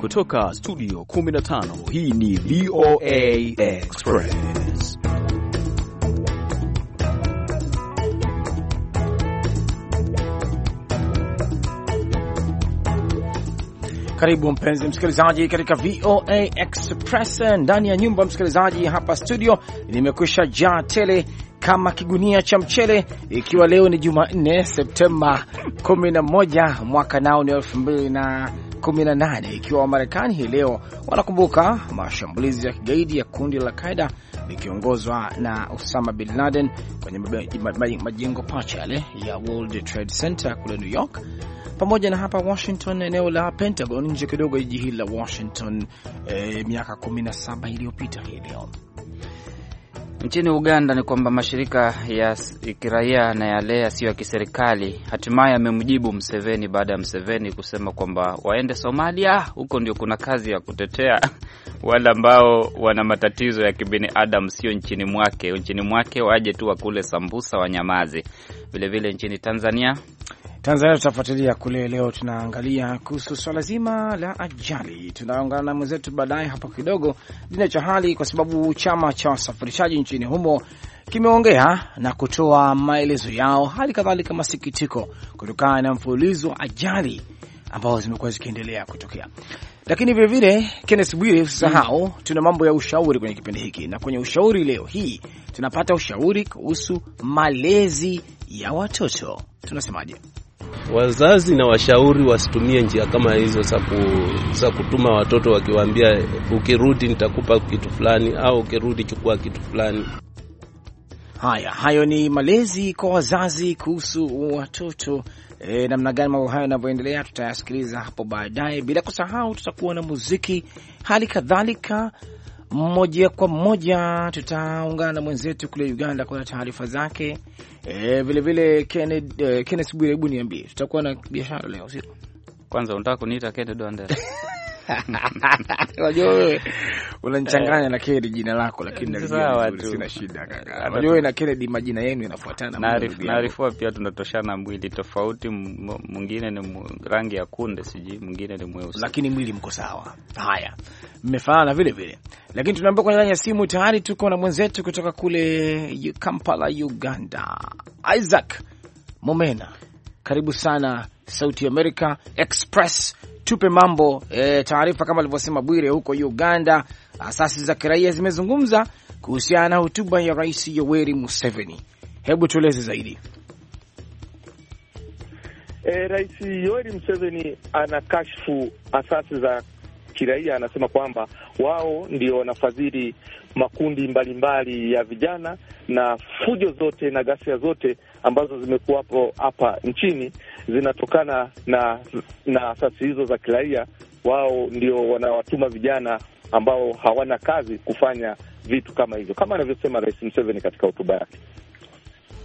kutoka studio 15 hii ni VOA Express. Karibu mpenzi msikilizaji katika VOA Express ndani ya nyumba msikilizaji, hapa studio nimekwisha jaa tele kama kigunia cha mchele, ikiwa leo ni Jumanne Septemba 11 mwaka nao ni elfu mbili na 18 ikiwa Wamarekani hii leo wanakumbuka mashambulizi ya kigaidi ya kundi la Al-Qaida likiongozwa na Osama bin Laden kwenye majengo pacha yale ya World Trade Center kule New York, pamoja na hapa Washington, eneo la Pentagon, nje kidogo jiji hili la Washington eh, miaka 17 iliyopita hii leo. Nchini Uganda ni kwamba mashirika ya kiraia na yale yasiyo ya kiserikali hatimaye yamemjibu Mseveni baada ya Mseveni kusema kwamba waende Somalia, huko ndio kuna kazi ya kutetea wale ambao wana matatizo ya kibinadamu, sio nchini mwake. Nchini mwake waje tu wakule sambusa wanyamaze. Vilevile nchini Tanzania Tanzania tutafuatilia kule. Leo tunaangalia kuhusu swala zima la ajali. Tunaungana na mwenzetu baadaye hapo kidogo, Dina cha hali, kwa sababu chama cha wasafirishaji nchini humo kimeongea na kutoa maelezo yao, hali kadhalika masikitiko kutokana na mfululizo wa ajali ambazo zimekuwa zikiendelea kutokea. Lakini vilevile, Kennes Bwire, usisahau mm, tuna mambo ya ushauri kwenye kipindi hiki, na kwenye ushauri leo hii tunapata ushauri kuhusu malezi ya watoto. Tunasemaje? Wazazi na washauri wasitumie njia kama hizo za ku, kutuma watoto wakiwaambia ukirudi nitakupa kitu fulani au ukirudi chukua kitu fulani. Haya, hayo ni malezi kwa wazazi kuhusu watoto. E, namna gani mambo hayo yanavyoendelea tutayasikiliza hapo baadaye, bila kusahau tutakuwa na muziki hali kadhalika moja kwa moja tutaungana na mwenzetu kule Uganda, kuna taarifa zake vilevile. Eh, Kenneth Bwire, hebu niambie, tutakuwa na biashara leo sio? Kwanza unataka kuniita Kenneth Wandera? Unajua wewe unanichanganya na Kennedy jina lako, lakini sina shida kaka. Unajua na Kennedy majina yenu yanafuatana. Naarifu pia tunatoshana mwili tofauti, mwingine ni rangi ya kunde siji, mwingine ni mweusi, lakini mwili mko sawa. Haya, mmefanana vile vile. Lakini tunaambia kwenye laini ya simu tayari tuko na mwenzetu kutoka kule Kampala, Uganda, Isaac Momena. Karibu sana Sauti America Express tupe mambo e, taarifa kama alivyosema Bwire huko Uganda, asasi za kiraia zimezungumza kuhusiana na hotuba ya Rais Yoweri Museveni. Hebu tueleze zaidi. E, Rais Yoweri Museveni kashfu asasi za kiraia anasema kwamba wao ndio wanafadhili makundi mbalimbali mbali ya vijana na fujo zote na ghasia zote ambazo zimekuwapo hapa nchini zinatokana na na asasi hizo za kiraia. Wao ndio wanawatuma vijana ambao hawana kazi kufanya vitu kama hivyo, kama anavyosema Rais Museveni katika hotuba yake.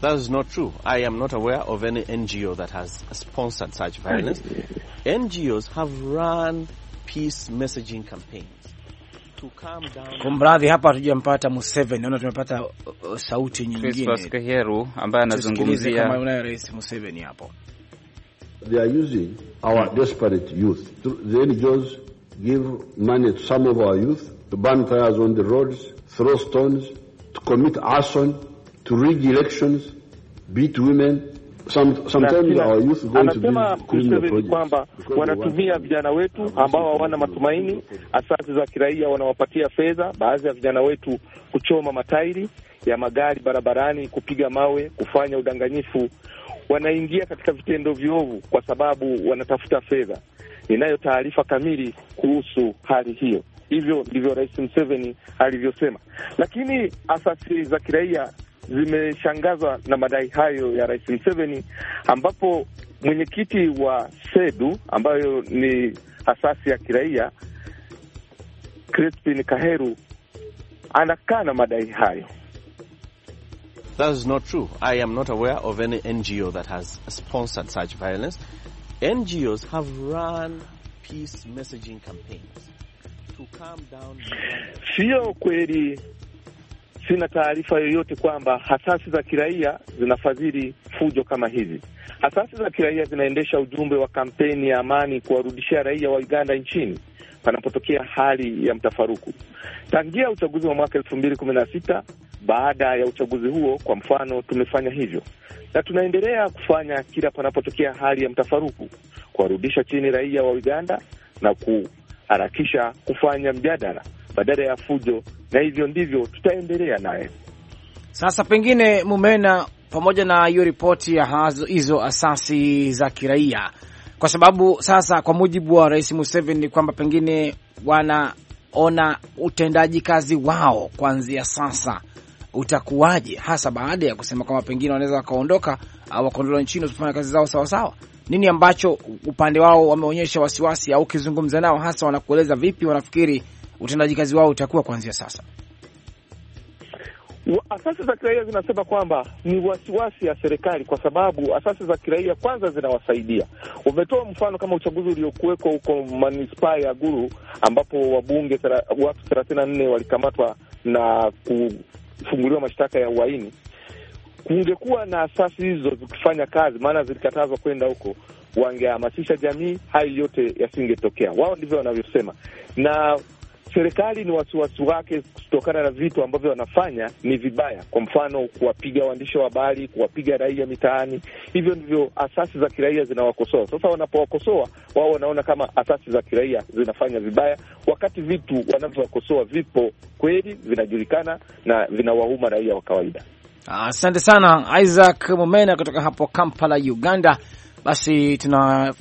That is not true. I am not aware of any NGO that has sponsored such violence. NGOs have run peace messaging campaigns to calm down. Kumradhi, hapa hatujampata Museveni, naona tumepata uh, uh, sauti nyingine. Chris Kaheru ambaye anazungumzia kama unayo Rais Museveni hapo. They are using our desperate youth. The NGOs give money to some of our youth to burn tires on the roads, throw stones, to commit arson, to rig elections, beat women anasema kwamba wanatumia vijana wetu ambao hawana matumaini. Asasi za kiraia wanawapatia fedha baadhi ya vijana wetu kuchoma matairi ya magari barabarani, kupiga mawe, kufanya udanganyifu. Wanaingia katika vitendo viovu kwa sababu wanatafuta fedha. Ninayo taarifa kamili kuhusu hali hiyo. Hivyo ndivyo Rais Museveni alivyosema, lakini asasi za kiraia zimeshangazwa na madai hayo ya Rais mseveni ambapo mwenyekiti wa SEDU ambayo ni asasi ya kiraia Crispin Kaheru anakaa na madai hayo. That is not true. I am not aware of any NGO that has sponsored such violence. NGOs have run peace messaging campaigns to calm down. Sio kweli sina taarifa yoyote kwamba hasasi za kiraia zinafadhili fujo kama hizi. Hasasi za kiraia zinaendesha ujumbe wa kampeni ya amani, kuwarudishia raia wa Uganda nchini panapotokea hali ya mtafaruku. Tangia uchaguzi wa mwaka elfu mbili kumi na sita baada ya uchaguzi huo, kwa mfano, tumefanya hivyo na tunaendelea kufanya kila panapotokea hali ya mtafaruku, kuwarudisha chini raia wa Uganda na kuharakisha kufanya mjadala badala ya fujo, na hivyo ndivyo tutaendelea naye. Sasa pengine Mumena, pamoja na hiyo ripoti ya hizo asasi za kiraia, kwa sababu sasa kwa mujibu wa Rais Museveni ni kwamba pengine wanaona utendaji kazi wao kuanzia sasa utakuwaje, hasa baada ya kusema kwamba pengine wanaweza wakaondoka au wakaondolewa nchini wasipofanya kazi zao sawasawa sawa. Nini ambacho upande wao wameonyesha wasiwasi, au ukizungumza nao hasa wanakueleza vipi wanafikiri utendaji kazi wao utakuwa kuanzia sasa? Asasi za kiraia zinasema kwamba ni wasiwasi ya serikali, kwa sababu asasi za kiraia kwanza zinawasaidia. Wametoa mfano kama uchaguzi uliokuweko huko manispaa ya guru ambapo wabunge watu thelathini na nne walikamatwa na kufunguliwa mashtaka ya uhaini. Kungekuwa na asasi hizo zikifanya kazi, maana zilikatazwa kwenda huko, wangehamasisha jamii, hayo yote yasingetokea. Wao ndivyo wanavyosema na serikali ni wasiwasi wake kutokana na vitu ambavyo wanafanya ni vibaya, kwa mfano kuwapiga waandishi wa habari, kuwapiga raia mitaani. Hivyo ndivyo asasi za kiraia zinawakosoa. Sasa wanapowakosoa wao wanaona kama asasi za kiraia zinafanya vibaya, wakati vitu wanavyowakosoa vipo kweli, vinajulikana na vinawauma raia wa kawaida. Asante sana Isaac Mumena kutoka hapo Kampala, Uganda. Basi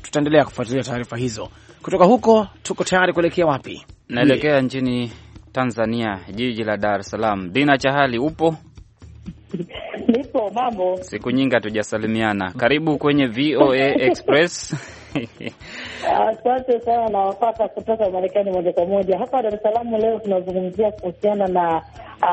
tutaendelea kufuatilia taarifa hizo kutoka huko. Tuko tayari kuelekea wapi? Naelekea nchini Tanzania, jiji la Dar es Salaam. Dina Chahali, upo? Nipo. Mambo, siku nyingi hatujasalimiana. Karibu kwenye VOA Express. Asante sana. Nawapata kutoka Marekani moja kwa moja hapa Dar es Salaam. Leo tunazungumzia kuhusiana na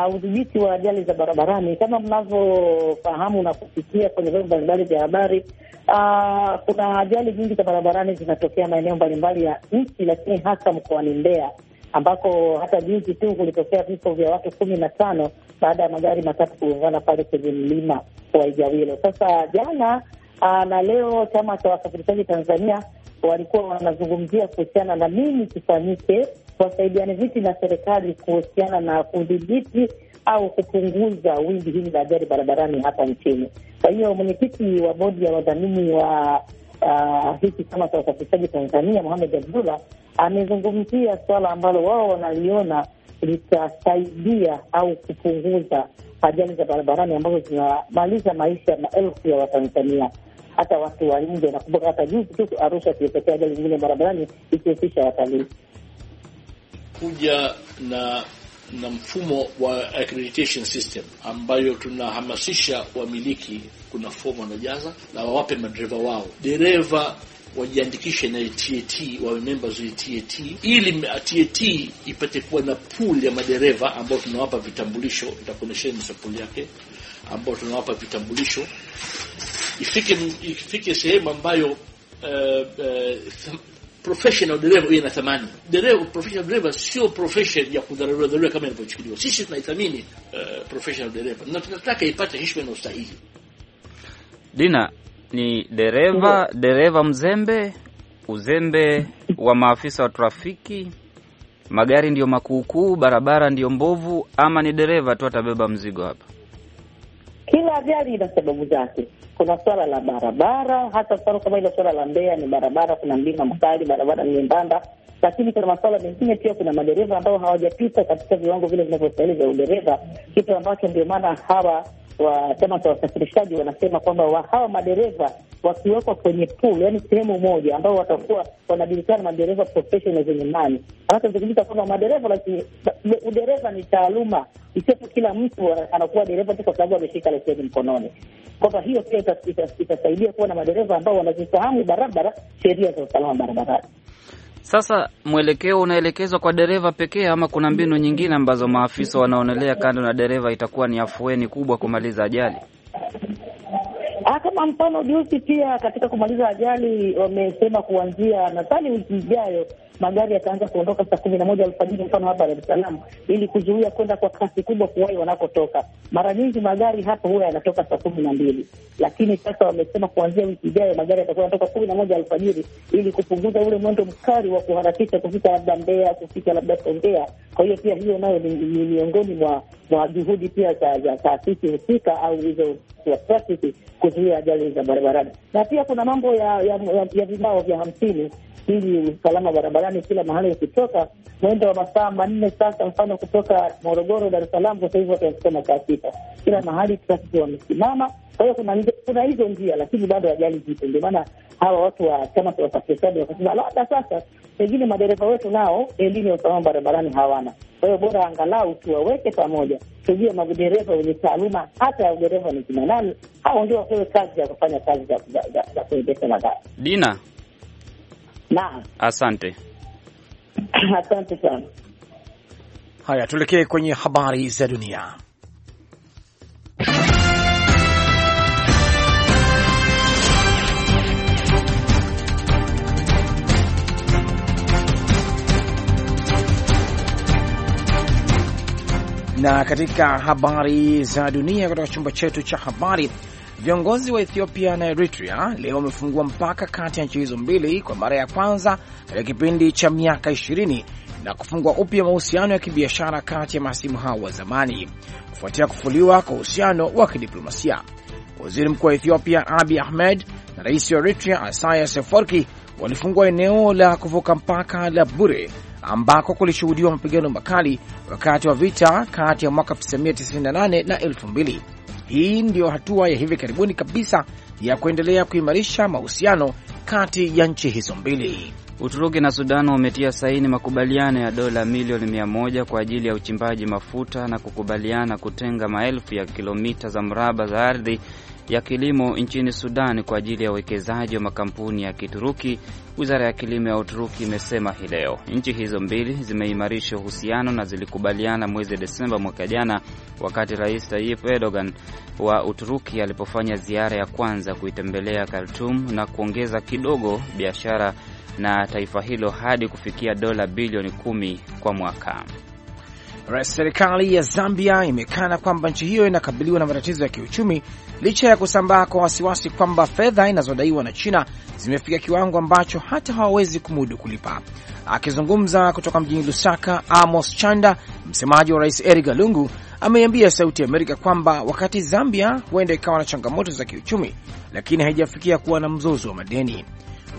uh, udhibiti wa ajali za barabarani. Kama mnavyofahamu na kufikia kwenye vyombo mbalimbali vya habari, uh, kuna ajali nyingi za barabarani zinatokea maeneo mbalimbali ya nchi, lakini hasa mkoani Mbeya ambako hata juzi tu kulitokea vifo vya watu kumi na tano baada ya magari matatu kugongana pale kwenye mlima wa ijawilo Sasa jana ah, na leo chama cha wasafirishaji Tanzania walikuwa wanazungumzia kuhusiana na nini kifanyike, wasaidiane vipi na serikali kuhusiana na kudhibiti au kupunguza wingi hili la ajali barabarani hapa nchini. Kwa hiyo mwenyekiti wa bodi ya wadhamini wa ah, hiki chama cha wasafirishaji Tanzania Mohamed Abdullah amezungumzia suala ambalo wao wanaliona litasaidia au kupunguza ajali za barabarani ambazo zinamaliza maisha ya maelfu ya Watanzania, hata watu wa nje. Nakumbuka hata juzi tu Arusha tulipokea ajali zingine barabarani ikihusisha watalii. Kuja na na mfumo wa accreditation system ambayo tunahamasisha wamiliki, kuna fomu wanajaza na wawape madereva wao. Dereva wajiandikishe na TAT wawe members wa TAT ili TAT ipate kuwa na pool ya madereva ambao tunawapa vitambulisho. Nitakuonyesheni pool yake ambao tunawapa vitambulisho, ifike ifike sehemu ambayo uh, uh, professional dereva huyo na thamani. Dereva professional dereva sio profession ya kudharura dharura kama inavyochukuliwa. Sisi tunaithamini uh, professional dereva na tunataka ipate heshima na ustahili. Dina ni dereva dereva mzembe, uzembe wa maafisa wa trafiki, magari ndiyo makuukuu, barabara ndiyo mbovu, ama ni dereva tu atabeba mzigo hapa? Kila gari ina sababu zake. Kuna swala la barabara, hata mfano kama ile swala la Mbeya ni barabara, kuna mlima mkali, barabara ni nyembamba, lakini kuna masuala mengine pia. Kuna madereva ambao hawajapita katika viwango vile vinavyostahili vya udereva, kitu ambacho ndio maana hawa wa chama cha wasafirishaji wanasema kwamba wa hawa madereva wakiwekwa kwenye pool, yaani sehemu moja ambao watakuwa wanajulikana madereva professional zenye mani, alafu zikujuta kwamba madereva, lakini udereva ni taaluma, isiwepo kila mtu anakuwa dereva tu kwa sababu ameshika leseni mkononi, kwamba hiyo pia itasaidia kuwa na madereva ambao wanazifahamu barabara, sheria za usalama barabarani. Sasa mwelekeo unaelekezwa kwa dereva pekee ama kuna mbinu nyingine ambazo maafisa wanaonelea kando na dereva itakuwa ni afueni kubwa kumaliza ajali? Ah, kama mfano juzi pia katika kumaliza ajali wamesema kuanzia nadhani wiki ijayo magari yataanza kuondoka saa kumi na moja alfajiri, mfano hapa Dar es Salaam, ili kuzuia kwenda kwa kasi kubwa kuwahi wanakotoka. Mara nyingi magari hapo huwa yanatoka saa kumi na mbili, lakini sasa wamesema kuanzia wiki ijayo magari yatakuwa yanatoka kumi na moja alfajiri ili kupunguza ule mwendo mkali wa kuharakisha kufika labda Mbeya, kufika labda Songea. Kwa hiyo pia hiyo nayo ni miongoni mwa na juhudi pia za taasisi husika au hizo kuzuia ajali za barabarani. Na pia kuna mambo ya ya, ya, ya vibao vya hamsini ili usalama barabarani kila mahali ukitoka mwendo wa masaa manne sasa, mfano kutoka Morogoro Dar es Salaam sasa hivi watu wanafika sita kila mahali, trafiki wamesimama. Kwa hiyo kuna kuna hizo njia, lakini bado ajali zipo. Ndio maana hawa watu wa chama cha wasafirishaji wakasema labda sasa pengine madereva wetu nao elimu ya usalama barabarani hawana. Kwa hiyo bora angalau tuwaweke pamoja, tujue madereva wenye taaluma hata ya udereva ni kina nani, hao ndio wapewe kazi ya kufanya kazi za kuendesha magari. Dina, naam, asante asante sana. Haya, tuelekee kwenye habari za dunia. Na katika habari za dunia kutoka chumba chetu cha habari, viongozi wa Ethiopia na Eritrea leo wamefungua mpaka kati ya nchi hizo mbili kwa mara ya kwanza katika kipindi cha miaka 20 na kufungua upya mahusiano ya kibiashara kati ya mahasimu hao wa zamani kufuatia kufuliwa kwa uhusiano wa kidiplomasia. Waziri mkuu wa Ethiopia Abi Ahmed na rais wa Eritrea Isaias Afwerki walifungua eneo la kuvuka mpaka la bure ambako kulishuhudiwa mapigano makali wakati wa vita kati ya mwaka 1998 na 2000. Hii ndiyo hatua ya hivi karibuni kabisa ya kuendelea kuimarisha mahusiano kati ya nchi hizo mbili. Uturuki na Sudan wametia saini makubaliano ya dola milioni mia moja kwa ajili ya uchimbaji mafuta na kukubaliana kutenga maelfu ya kilomita za mraba za ardhi ya kilimo nchini Sudan kwa ajili ya uwekezaji wa makampuni ya Kituruki. Wizara ya kilimo ya Uturuki imesema hii leo nchi hizo mbili zimeimarisha uhusiano na zilikubaliana mwezi Desemba mwaka jana, wakati Rais Tayyip Erdogan wa Uturuki alipofanya ziara ya kwanza kuitembelea Khartoum na kuongeza kidogo biashara na taifa hilo hadi kufikia dola bilioni kumi kwa mwaka. Serikali ya Zambia imekana kwamba nchi hiyo inakabiliwa na matatizo ya kiuchumi licha ya kusambaa kwa wasiwasi kwamba fedha inazodaiwa na China zimefika kiwango ambacho hata hawawezi kumudu kulipa. Akizungumza kutoka mjini Lusaka, Amos Chanda, msemaji wa Rais Edgar Lungu, ameiambia Sauti ya Amerika kwamba wakati Zambia huenda ikawa na changamoto za kiuchumi, lakini haijafikia kuwa na mzozo wa madeni.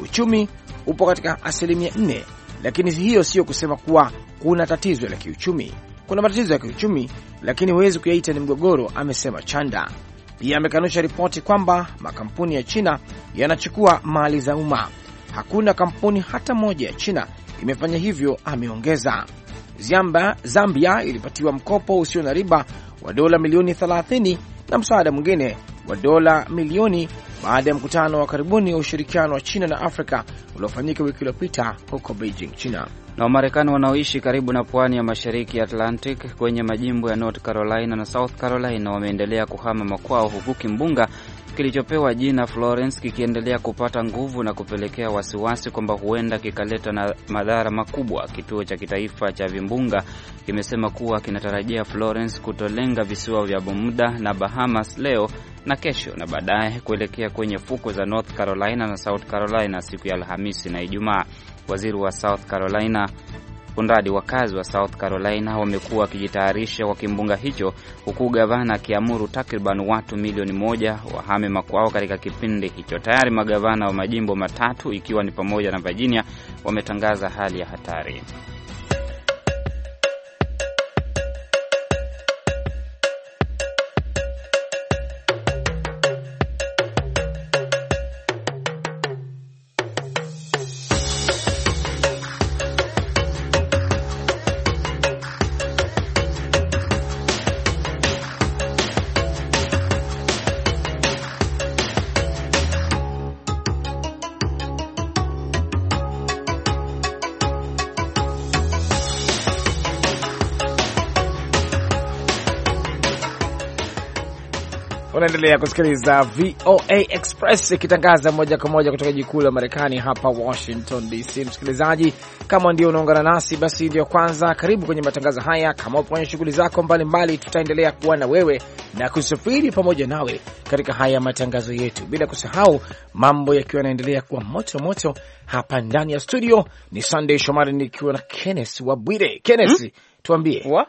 Uchumi upo katika asilimia nne, lakini hiyo siyo kusema kuwa kuna tatizo la kiuchumi kuna matatizo ya kiuchumi, lakini huwezi kuyaita ni mgogoro, amesema Chanda. Pia amekanusha ripoti kwamba makampuni ya China yanachukua mali za umma. Hakuna kampuni hata moja ya China imefanya hivyo, ameongeza. Zambia, Zambia ilipatiwa mkopo usio na riba wa dola milioni 30 na msaada mwingine wa dola milioni baada ya mkutano wa karibuni wa ushirikiano wa China na Afrika uliofanyika wiki iliyopita huko Beijing, China na Wamarekani wanaoishi karibu na pwani ya mashariki ya Atlantic kwenye majimbo ya North Carolina na South Carolina wameendelea kuhama makwao, huku kimbunga kilichopewa jina Florence kikiendelea kupata nguvu na kupelekea wasiwasi kwamba huenda kikaleta na madhara makubwa. Kituo cha kitaifa cha vimbunga kimesema kuwa kinatarajia Florence kutolenga visiwa vya Bermuda na Bahamas leo na kesho na baadaye kuelekea kwenye fuko za North Carolina na South Carolina siku ya Alhamisi na Ijumaa. Waziri wa South Carolina Kunradi, wakazi wa South Carolina wamekuwa wakijitayarisha kwa kimbunga hicho, huku gavana akiamuru takriban watu milioni moja wahame makwao katika kipindi hicho. Tayari magavana wa majimbo matatu ikiwa ni pamoja na Virginia wametangaza hali ya hatari. Unaendelea kusikiliza VOA Express ikitangaza moja kwa moja kutoka jikuu la Marekani hapa Washington DC. Msikilizaji, kama ndio unaungana nasi, basi ndiyo kwanza karibu kwenye matangazo haya. Kama upo kwenye shughuli zako mbalimbali, tutaendelea kuwa na wewe na kusafiri pamoja nawe katika haya matangazo yetu, bila kusahau mambo yakiwa yanaendelea kuwa moto moto hapa ndani ya studio. Ni Sunday Shomari nikiwa na Kenneth Wabwire. Kenneth, hmm? tuambie wa?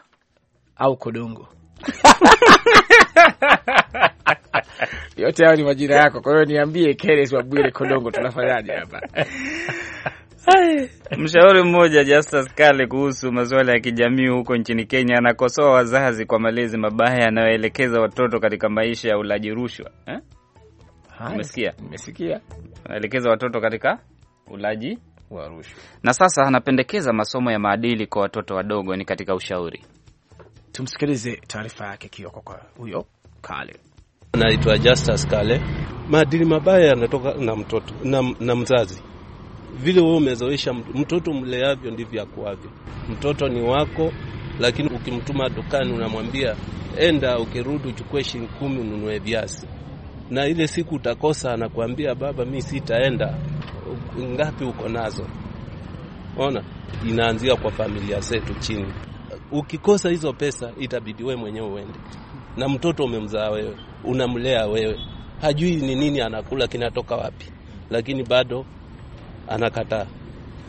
au Kodongo yote hayo ni majira yako. Kwa hiyo niambie, wa Bwire Kodongo, tunafanyaje hapa? Mshauri mmoja Justus Kale kuhusu masuala ya kijamii huko nchini Kenya anakosoa wazazi kwa malezi mabaya yanayoelekeza watoto katika maisha ya ulaji rushwa eh? Umesikia? Anaelekeza watoto katika ulaji wa rushwa, na sasa anapendekeza masomo ya maadili kwa watoto wadogo. Ni katika ushauri Tumsikilize taarifa yake kioko kwa huyo Kale. Naitwa Justus Kale. Maadili mabaya yanatoka na mtoto na, na mzazi. Vile wewe umezoesha mtoto, mleavyo ndivyo akuavyo. Mtoto ni wako, lakini ukimtuma dukani unamwambia enda, ukirudi uchukue shilingi kumi ununue viazi, na ile siku utakosa, anakuambia baba, mi sitaenda. Ngapi uko nazo? Ona, inaanzia kwa familia zetu chini. Ukikosa hizo pesa, itabidi wewe mwenyewe uende, na mtoto umemzaa wewe, unamlea wewe, hajui ni nini anakula, kinatoka wapi, lakini bado anakataa.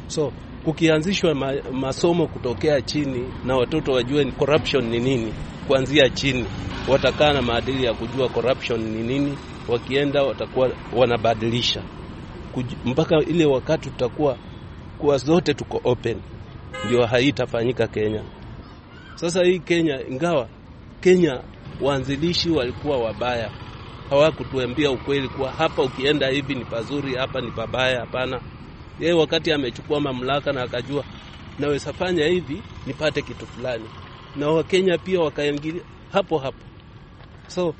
So kukianzishwa ma, masomo kutokea chini na watoto wajue corruption ni nini kuanzia chini, watakaa na maadili ya kujua corruption ni nini. Wakienda watakuwa wanabadilisha mpaka ile wakati tutakuwa kuwa zote tuko open, ndio haitafanyika Kenya. Sasa hii Kenya, ingawa Kenya waanzilishi walikuwa wabaya, hawakutuambia ukweli kuwa hapa ukienda hivi ni pazuri, hapa ni pabaya. Hapana, yeye wakati amechukua mamlaka na akajua naweza fanya hivi nipate kitu fulani, na Wakenya pia wakaingilia hapo hapo. So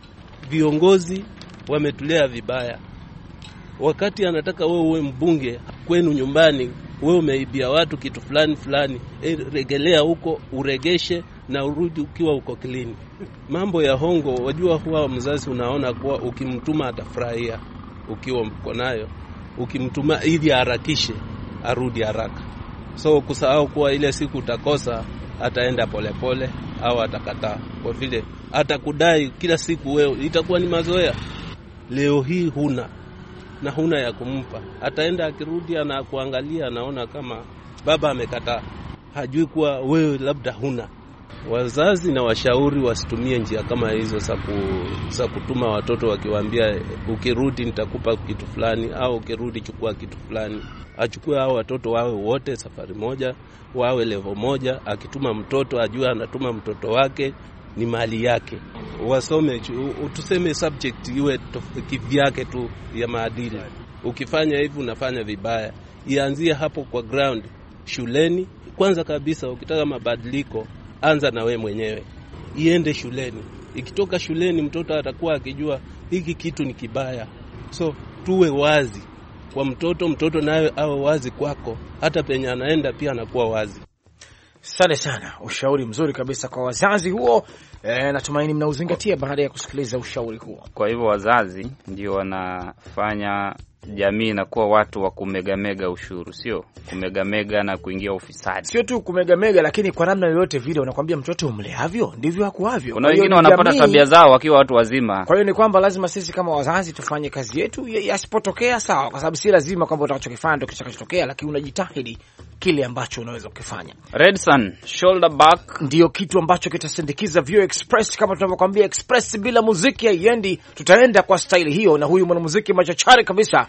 viongozi wametulea vibaya. Wakati anataka wewe uwe mbunge kwenu nyumbani wewe umeibia watu kitu fulani fulani, e, regelea huko uregeshe na urudi ukiwa uko clean. Mambo ya hongo, wajua, huwa mzazi unaona kuwa ukimtuma atafurahia ukiwa mko nayo, ukimtuma ili harakishe arudi haraka, so kusahau kuwa ile siku utakosa, ataenda polepole au atakataa, kwa vile atakudai kila siku, wewe itakuwa ni mazoea. Leo hii huna na huna ya kumpa, ataenda akirudi, anakuangalia, anaona kama baba amekataa, hajui kuwa wewe labda huna. Wazazi na washauri wasitumie njia kama hizo za kutuma watoto wakiwaambia, ukirudi nitakupa kitu fulani, au ukirudi chukua kitu fulani. Achukue hao watoto wawe wote safari moja, wawe levo moja. Akituma mtoto ajue anatuma mtoto wake, ni mali yake, wasome tuseme subject iwe kivyake tu ya maadili. Ukifanya hivi unafanya vibaya, ianzie hapo kwa ground shuleni. Kwanza kabisa, ukitaka mabadiliko, anza na we mwenyewe, iende shuleni. Ikitoka shuleni, mtoto atakuwa akijua hiki kitu ni kibaya, so tuwe wazi kwa mtoto, mtoto naye awe wazi kwako, hata penye anaenda pia anakuwa wazi sante sana, ushauri mzuri kabisa kwa wazazi huo. E, natumaini mnauzingatia baada ya kusikiliza ushauri huo. Kwa hivyo wazazi ndio wanafanya jamii inakuwa watu wa kumegamega ushuru, sio kumegamega na kuingia ufisadi, sio tu kumegamega, lakini kwa namna yoyote vile. Unakwambia mtoto umleavyo ndivyo akuavyo. Kuna wengine wanapata tabia zao wakiwa watu wazima. Kwa hiyo ni kwamba lazima sisi kama wazazi tufanye kazi yetu, yasipotokea sawa, kwa sababu si lazima kwamba utakachokifanya ndio kitakachotokea, lakini unajitahidi kile ambacho unaweza kukifanya. Redson shoulder back ndio kitu ambacho kitasindikiza View Express. Kama tunavyokwambia, express bila muziki haiendi, tutaenda kwa staili hiyo, na huyu mwanamuziki machachari kabisa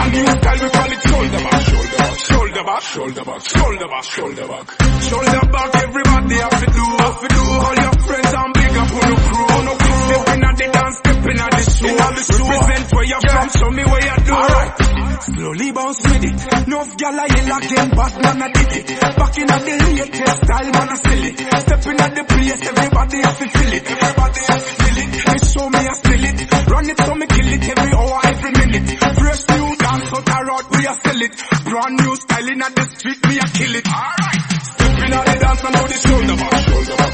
Elini kalbi panik shoulder back, shoulder back, shoulder back, shoulder back, shoulder back, shoulder back. Everybody have to do, have to do. All your friends and big up on crew, on your crew. Stepping at the dance, stepping at the show, at the show. Represent where you're from, show me where you do. Alright. Slowly bounce with it. No gal I yell again, but man I did it. Back in the latest style, man I sell it. Stepping at the place, everybody have to feel it. Everybody have to feel it. They show me I feel it. Run it so me kill it. Every cut a road, we a sell it. Brand new style in the street, we a kill it. Alright. Stepping on the dance and now the shoulder back. Shoulder back.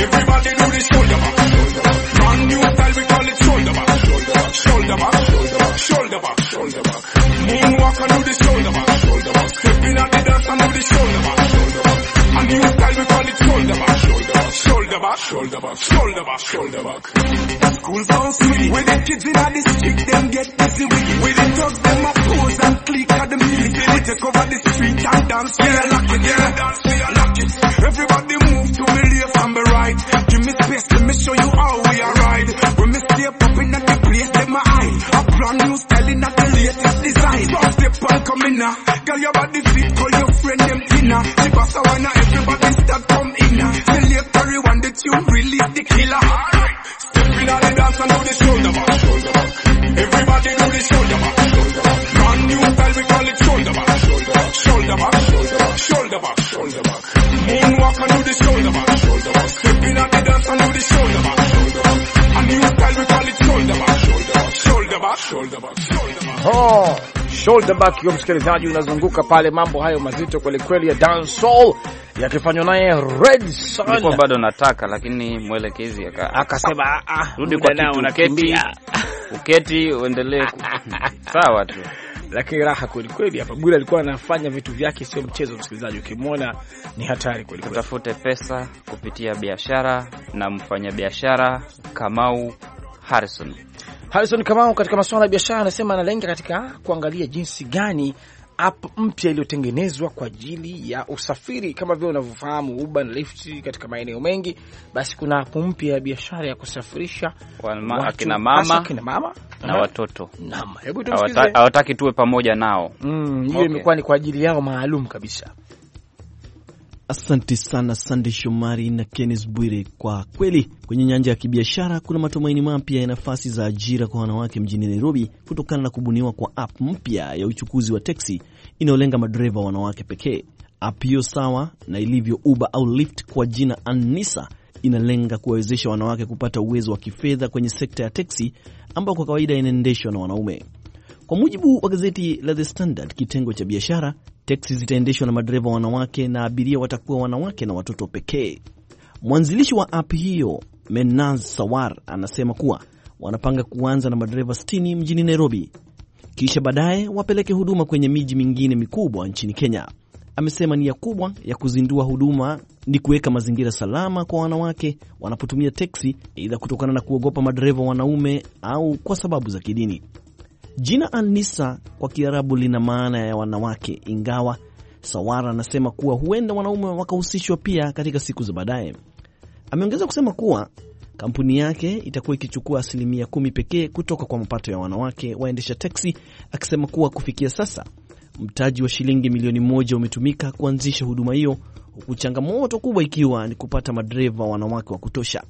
Everybody do the shoulder back. Shoulder back. Brand new style, we call it shoulder back. Shoulder back. Shoulder back. Shoulder back. Shoulder back. Shoulder back. Moonwalk and do the shoulder back. Shoulder back. Stepping on the dance and do the shoulder back. Shoulder back. A new style, we call it shoulder back. Shoulder back. Shoulder back. Shoulder back. Shoulder back. Shoulder back cool down sweet. With the kids in the street, them get busy with it. With the thugs, them a pose and click at the music. We take over the street and dance, yeah, lock it, yeah, dance, yeah, lock it. Everybody move to me left and me right. Give me space, let me show you how we are ride. When me stay popping at the place, them my eye. A brand new styling at the latest design. Drop the punk coming now. Girl, your body fit, call your friend them thinner. Keep us a wine Soldabak akiwa msikilizaji, unazunguka pale, mambo hayo mazito kweli ya soul yakifanywa naye Red Son. Bado nataka lakini mwelekezi akasema ah, ah, rudi kwa kitu, uketi uendelee. Sawa tu lakini raha kweli kweli hapa. Bure alikuwa anafanya vitu vyake, sio mchezo. Msikilizaji, ukimwona ni hatari kweli. Tutafute pesa kupitia biashara na mfanyabiashara Kamau Harrison Harrison Kamau katika masuala ya biashara anasema analenga katika kuangalia jinsi gani app mpya iliyotengenezwa kwa ajili ya usafiri kama vile unavyofahamu Uber na Lyft katika maeneo mengi, basi kuna app mpya ya biashara ya kusafirisha akina mama na watoto. Naam, hebu tumsikilize. Hawataki tuwe pamoja nao. Mm, hiyo imekuwa ni kwa ajili yao maalum kabisa. Asante sana Sande Shomari na Kennes Bwire. Kwa kweli kwenye nyanja ya kibiashara kuna matumaini mapya ya nafasi za ajira kwa wanawake mjini Nairobi kutokana na kubuniwa kwa app mpya ya uchukuzi wa teksi inayolenga madereva wanawake pekee. App hiyo sawa na ilivyo Uber au Lyft kwa jina Anisa inalenga kuwawezesha wanawake kupata uwezo wa kifedha kwenye sekta ya teksi ambayo kwa kawaida inaendeshwa na wanaume. Kwa mujibu wa gazeti la The Standard, kitengo cha biashara Teksi zitaendeshwa na madereva wanawake na abiria watakuwa wanawake na watoto pekee. Mwanzilishi wa app hiyo Menaz Sawar anasema kuwa wanapanga kuanza na madereva 60 mjini Nairobi, kisha baadaye wapeleke huduma kwenye miji mingine mikubwa nchini Kenya. Amesema nia kubwa ya kuzindua huduma ni kuweka mazingira salama kwa wanawake wanapotumia teksi, aidha kutokana na kuogopa madereva wanaume au kwa sababu za kidini. Jina Anisa kwa Kiarabu lina maana ya wanawake, ingawa Sawara anasema kuwa huenda wanaume wakahusishwa pia katika siku za baadaye. Ameongeza kusema kuwa kampuni yake itakuwa ikichukua asilimia kumi pekee kutoka kwa mapato ya wanawake waendesha teksi, akisema kuwa kufikia sasa mtaji wa shilingi milioni moja umetumika kuanzisha huduma hiyo, huku changamoto kubwa ikiwa ni kupata madereva wanawake wa kutosha.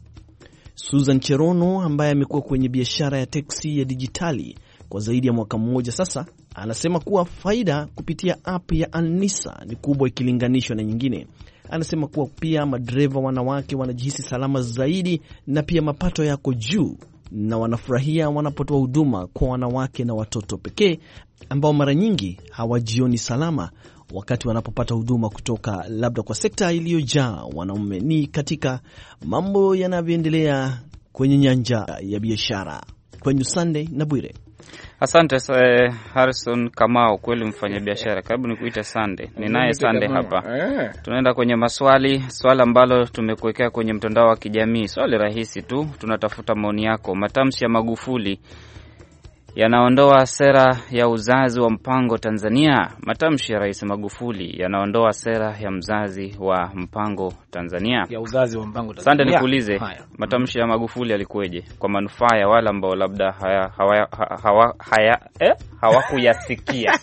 Susan Cherono ambaye amekuwa kwenye biashara ya teksi ya dijitali kwa zaidi ya mwaka mmoja sasa. Anasema kuwa faida kupitia app ya Anisa ni kubwa ikilinganishwa na nyingine. Anasema kuwa pia madereva wanawake wanajihisi salama zaidi na pia mapato yako juu na wanafurahia wanapotoa huduma kwa wanawake na watoto pekee ambao mara nyingi hawajioni salama wakati wanapopata huduma kutoka labda kwa sekta iliyojaa wanaume. Ni katika mambo yanavyoendelea kwenye nyanja ya biashara. Kwenye Sunday na Bwire. Asante eh, Harrison Kamau, kweli mfanyabiashara. Eh, eh. Karibu ni kuita Sande, ninaye Sande hapa. Eh. Tunaenda kwenye maswali, swala ambalo tumekuwekea kwenye mtandao wa kijamii, swali rahisi tu, tunatafuta maoni yako. Matamshi ya Magufuli yanaondoa sera ya uzazi wa mpango Tanzania. Matamshi ya Rais Magufuli yanaondoa sera ya mzazi wa mpango Tanzania, ya uzazi wa mpango Tanzania. Sante, nikuulize matamshi ya Magufuli yalikuweje kwa manufaa ya wale ambao labda eh? hawakuyasikia?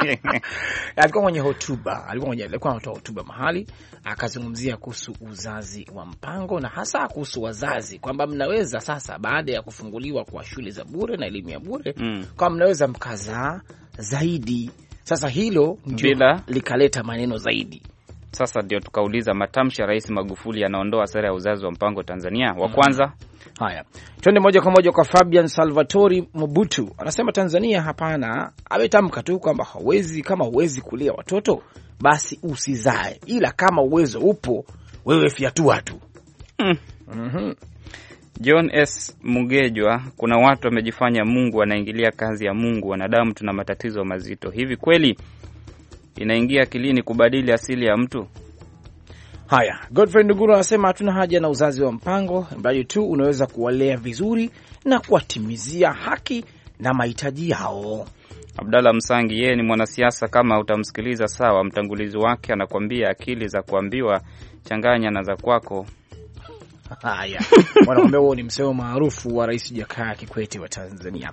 Alikuwa kwenye hotuba, alikuwa mwenye, alikuwa anatoa hotuba mahali, akazungumzia kuhusu uzazi wa mpango na hasa kuhusu wazazi kwamba mnaweza sasa baada ya kufunguliwa kwa shule za bure na elimu ya bure mm. kama mnaweza mkazaa zaidi. Sasa hilo ndio likaleta maneno zaidi. Sasa ndio tukauliza matamshi ya Rais Magufuli yanaondoa sera ya uzazi wa mpango Tanzania wa mm. kwanza. Mm. Haya, twende moja kwa moja kwa Fabian Salvatori Mobutu, anasema Tanzania hapana. Ametamka tu kwamba hawezi, kama huwezi kulia watoto basi usizae, ila kama uwezo upo wewe fyatua tu. mm. mm -hmm. John S. Mugejwa, kuna watu wamejifanya Mungu, wanaingilia kazi ya Mungu. Wanadamu tuna matatizo mazito. Hivi kweli inaingia akilini kubadili asili ya mtu? Haya, Godfrey Nduguru anasema hatuna haja na uzazi wa mpango, mradi tu unaweza kuwalea vizuri na kuwatimizia haki na mahitaji yao. abdalah Msangi, yeye ni mwanasiasa. Kama utamsikiliza sawa, mtangulizi wake anakuambia akili za kuambiwa changanya na za kwako Haya, wanakwambia huo ni msemo maarufu wa Rais Jakaya Kikwete wa Tanzania.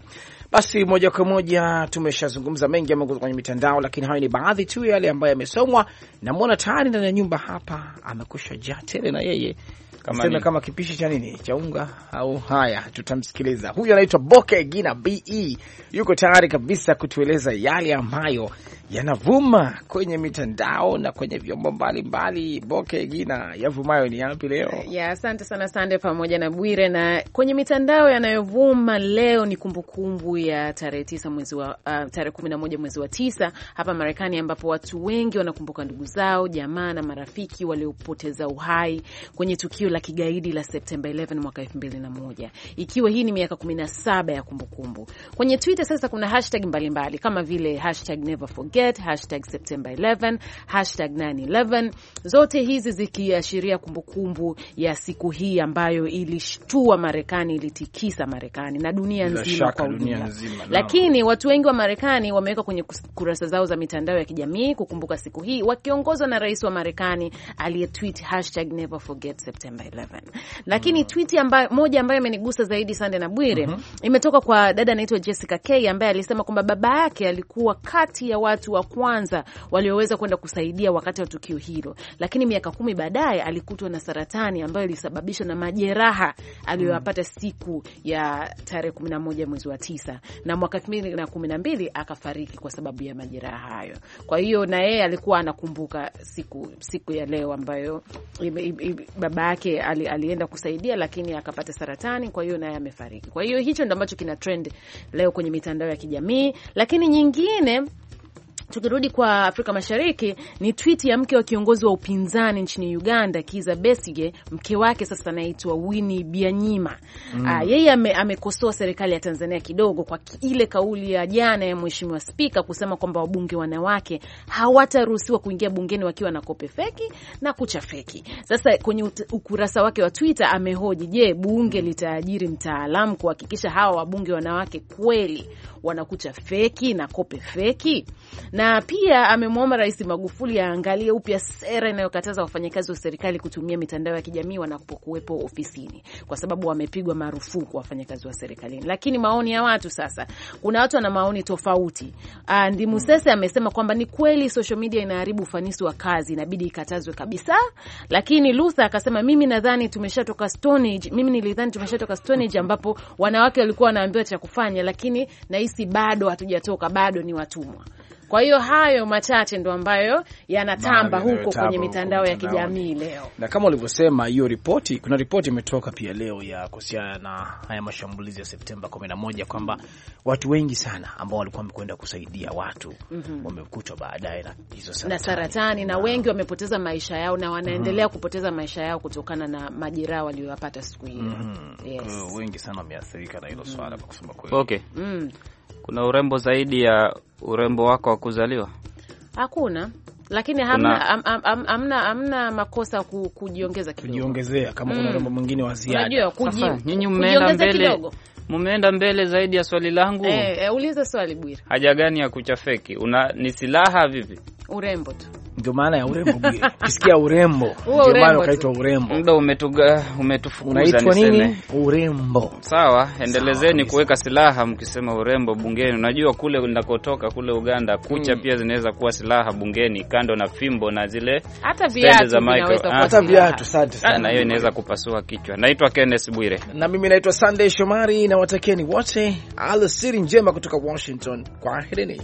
Basi moja kwa moja tumeshazungumza mengi amekuza kwenye mitandao, lakini hayo ni baadhi tu yale ambayo yamesomwa. Namwona tayari ndani ya nyumba hapa amekusha jaa tele na yeye kama, seme kama kipishi cha nini cha unga au. Haya, tutamsikiliza huyu, anaitwa Boke Gina Be, yuko tayari kabisa kutueleza yale ambayo yanavuma kwenye mitandao na kwenye vyombo mbalimbali. Boke Gina, yavumayo ni yapi leo? Ya, asante sana Sande pamoja na Bwire. Na kwenye mitandao yanayovuma leo ni kumbukumbu kumbu ya tarehe tisa mwezi wa uh, tarehe kumi na moja mwezi wa tisa hapa Marekani, ambapo watu wengi wanakumbuka ndugu zao, jamaa na marafiki waliopoteza uhai kwenye tukio la la kigaidi la Septemba 11 mwaka 2001, ikiwa hii ni miaka 17 ya kumbukumbu kumbu. Kwenye Twitter sasa kuna hashtag mbalimbali mbali, kama vile hashtag never forget, hashtag September 11, hashtag 911, zote hizi zikiashiria kumbukumbu ya siku hii ambayo ilishtua Marekani, ilitikisa Marekani na dunia nzima kwa ujumla. Lakini watu wengi wa Marekani wameweka kwenye kurasa zao za mitandao ya kijamii kukumbuka siku hii wakiongozwa na rais wa Marekani aliyetweet hashtag never forget Novemba 11. Lakini mm. tweet ambayo moja ambayo imenigusa zaidi Sande na Bwire mm -hmm. imetoka kwa dada anaitwa Jessica K ambaye alisema kwamba baba yake alikuwa kati ya watu wa kwanza walioweza kwenda kusaidia wakati wa tukio hilo, lakini miaka kumi baadaye alikutwa na saratani ambayo ilisababishwa na majeraha aliyoyapata mm. siku ya tarehe 11 mwezi wa tisa, na mwaka 2012 akafariki kwa sababu ya majeraha hayo. Kwa hiyo na yeye alikuwa anakumbuka siku siku ya leo ambayo baba yake yake ali, alienda kusaidia lakini akapata saratani, kwa hiyo naye amefariki. Kwa hiyo hicho ndio ambacho kina trend leo kwenye mitandao ya kijamii, lakini nyingine Tukirudi kwa Afrika Mashariki, ni twiti ya mke wa kiongozi wa upinzani nchini Uganda, Kiza Besige, mke wake sasa anaitwa Wini Bianyima. Mm. Uh, yeye amekosoa serikali ya Tanzania kidogo kwa ile kauli ya jana ya mheshimiwa spika kusema kwamba wabunge wanawake hawataruhusiwa kuingia bungeni wakiwa na kope feki na kucha feki. Sasa kwenye ukurasa wake wa Twitter amehoji, je, bunge litaajiri mtaalamu kuhakikisha hawa wabunge wanawake kweli wanakucha feki na kope feki? na pia amemwomba Rais Magufuli aangalie upya sera inayokataza wafanyakazi wa serikali kutumia mitandao ya kijamii wanapokuwepo ofisini, kwa sababu wamepigwa marufuku wafanyakazi wa serikalini. Lakini maoni ya watu sasa, kuna watu wana maoni tofauti. Ah, Ndi hmm. Musese amesema kwamba ni kweli social media inaharibu ufanisi wa kazi, inabidi ikatazwe kabisa. Lakini Luther akasema, mimi nadhani tumeshatoka Stone Age, mimi nilidhani tumeshatoka Stone Age ambapo wanawake walikuwa wanaambiwa cha kufanya, lakini nahisi bado hatujatoka, bado ni watumwa. Kwa hiyo hayo machache ndo ambayo yanatamba huko kwenye mitandao ya kijamii leo, na kama ulivyosema hiyo ripoti, kuna ripoti imetoka pia leo ya kuhusiana na haya mashambulizi ya Septemba 11 kwamba watu wengi sana ambao walikuwa wamekwenda kusaidia watu mm -hmm. wamekutwa baadaye na hizo saratani na, saratani, na wengi wamepoteza maisha yao na wanaendelea mm -hmm. kupoteza maisha yao kutokana na majeraha waliyopata siku hiyo mm -hmm. yes. wengi sana wameathirika na hilo mhm. swala mm -hmm. kwa kusema kweli okay. mm. Kuna urembo zaidi ya urembo wako wa kuzaliwa? Hakuna, lakini hamna, am, am, am, amna, amna makosa kujiongeza kidogo, kujiongezea kama mm. kuna urembo mwingine wa ziada. Unajua nyinyi mmeenda mbele kidogo. Mumeenda mbele zaidi ya swali langu. eh, eh, uliza swali Bwira. Haja gani ya kucha feki Una ni silaha vipi? Urembo tu ndio maana ya urembo Bwira. Kisikia urembo ndio maana ukaitwa urembo. Muda umetuga umetufukuza unaitwa nini? Urembo. Sawa, endelezeni kuweka silaha mkisema urembo bungeni. Unajua kule ninakotoka kule Uganda kucha mm, pia zinaweza kuwa silaha bungeni, kando na fimbo na zile hata viatu za micro, ah. hata viatu. Asante sana, ah, na hiyo inaweza kupasua kichwa. Naitwa Kenneth Bwire na mimi naitwa Sunday Shomari na nawatakieni wote alasiri njema kutoka Washington. Kwaherini.